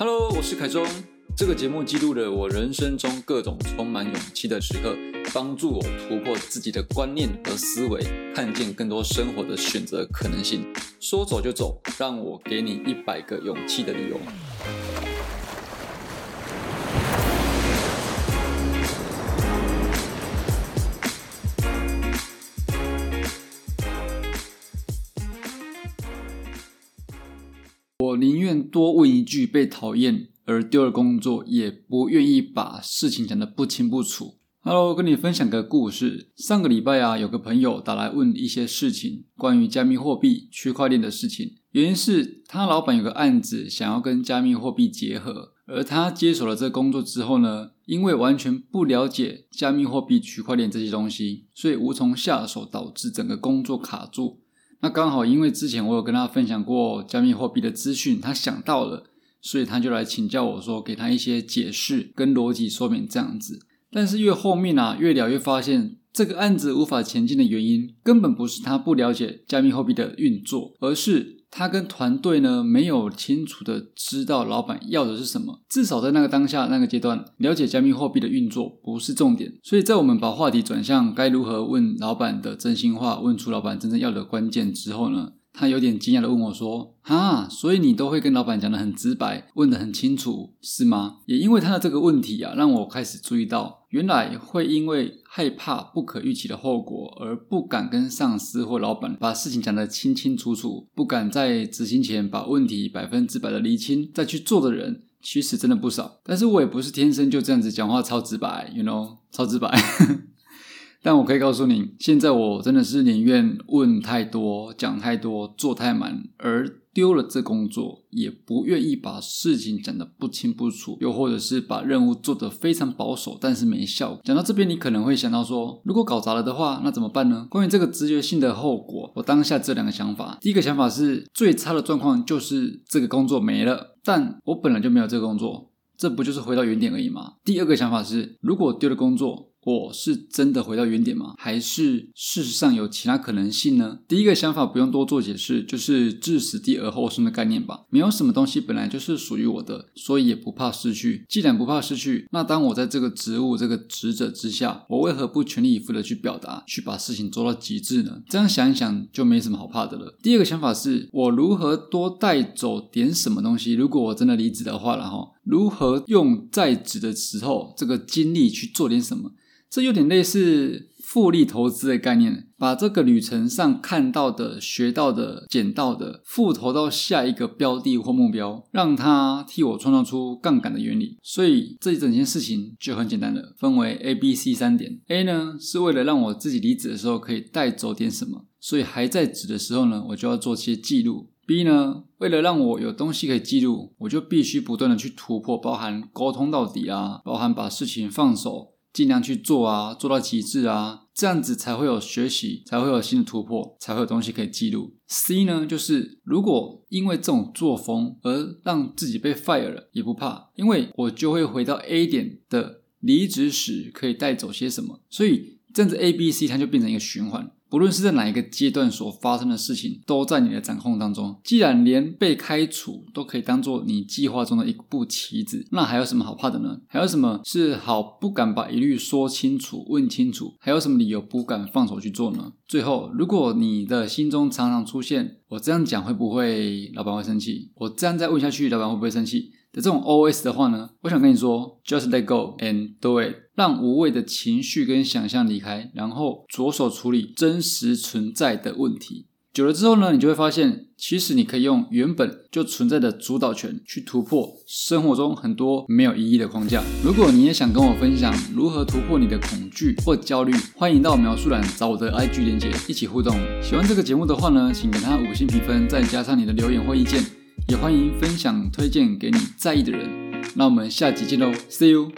Hello，我是凱中。這個節目記錄了我人生中各種充滿勇氣的時刻，幫助我突破自己的觀念和思維，看見更多生活的選擇可能性。說走就走，讓我給你一百個勇氣的理由。我寧願多問一句被討厭而丟了工作，也不願意把事情講得不清不楚。Hello，跟你分享個故事。上個禮拜啊，有個朋友打來問一些事情，關於加密貨幣、區塊鏈的事情。原因是他老板有個案子想要跟加密貨幣結合，而他接手了這個工作之後呢，因為完全不了解加密貨幣、區塊鏈這些東西，所以無從下手，導致整個工作卡住。那剛好，因為之前我有跟他分享過加密貨幣的資訊，他想到了，所以他就來請教我說，給他一些解釋跟邏輯說明這樣子。但是越後面啊，越聊越發現。這個案子無法前進的原因，根本不是他不了解加密貨幣的運作，而是他跟團隊呢，沒有清楚的知道老闆要的是什麼。至少在那個當下、那個階段，了解加密貨幣的運作不是重點。所以在我們把話題轉向該如何問老闆的真心話，問出老闆真正要的關鍵之後呢，他有點驚訝地問我說：“說、啊、哈，所以你都會跟老板講得很直白，問得很清楚，是嗎？”也因為他的這個問題啊，讓我開始注意到，原來會因為害怕不可預期的後果而不敢跟上司或老板把事情講得清清楚楚，不敢在執行前把問題百分之百的釐清再去做的人，其實真的不少。但是我也不是天生就這樣子講話超直白，You know，超直白。 但我可以告訴你，現在我真的是寧願問太多、講太多、做太滿，而丟了這工作，也不願意把事情講得不清不楚，又或者是把任務做得非常保守，但是沒效果。講到這邊，你可能會想到說，如果搞砸了的話，那怎麼辦呢？關於這個直覺性的後果，我當下這兩個想法：第一個想法是，最差的狀況就是這個工作沒了，但我本來就沒有這個工作，這不就是回到原點而已嗎？第二個想法是，如果丟了工作，我、哦、是真的回到原點嗎？還是事實上有其他可能性呢？第一個想法不用多做解釋，就是置死地而後生的概念吧。沒有什麼東西本來就是屬於我的，所以也不怕失去。既然不怕失去，那當我在這個職務、這個職責之下，我為何不全力以赴地去表達，去把事情做到極致呢？這樣想一想就沒什麼好怕的了。第二個想法是我如何多帶走點什麼東西？如果我真的離職的話，然後。如何用在職的時候這個精力去做點什麼？這有點類似複利投資的概念，把這個旅程上看到的、學到的、撿到的複投到下一個標的或目標，讓它替我創造出槓桿的原理。所以這一整件事情就很簡單了，分為 A、B、C 三點。A 呢是為了讓我自己離職的時候可以帶走點什麼，所以還在職的時候呢，我就要做些記錄。B 呢，為了讓我有東西可以記錄，我就必須不斷的去突破，包含溝通到底啊，包含把事情放手，盡量去做啊，做到極致啊，這樣子才會有學習，才會有新的突破，才會有東西可以記錄。C 呢，就是如果因為這種作風而讓自己被 fire 了，也不怕，因為我就會回到 A 點的離職時可以帶走些什麼，所以這樣子 A、B、C 它就變成一個循環。不論是在哪一個階段所發生的事情，都在你的掌控當中。既然連被開除都可以當做你計劃中的一步棋子，那還有什麼好怕的呢？還有什麼是好不敢把疑慮說清楚、問清楚？還有什麼理由不敢放手去做呢？最後，如果你的心中常常出現“我這樣講會不會老闆會生氣？我這樣再問下去，老闆會不會生氣？”的這種 OS 的話呢，我想跟你說，just let go and do it，讓無謂的情緒跟想象離開，然後着手處理真實存在的問題。久了之後呢，你就會發現，其實你可以用原本就存在的主導權去突破生活中很多沒有意義的框架。如果你也想跟我分享如何突破你的恐懼或焦慮，歡迎到描述欄找我的 IG 連結一起互動。喜歡這個節目的話呢，請給它五星評分，再加上你的留言或意見。也歡迎分享推薦給你在意的人，那我們下集見嘍，See you！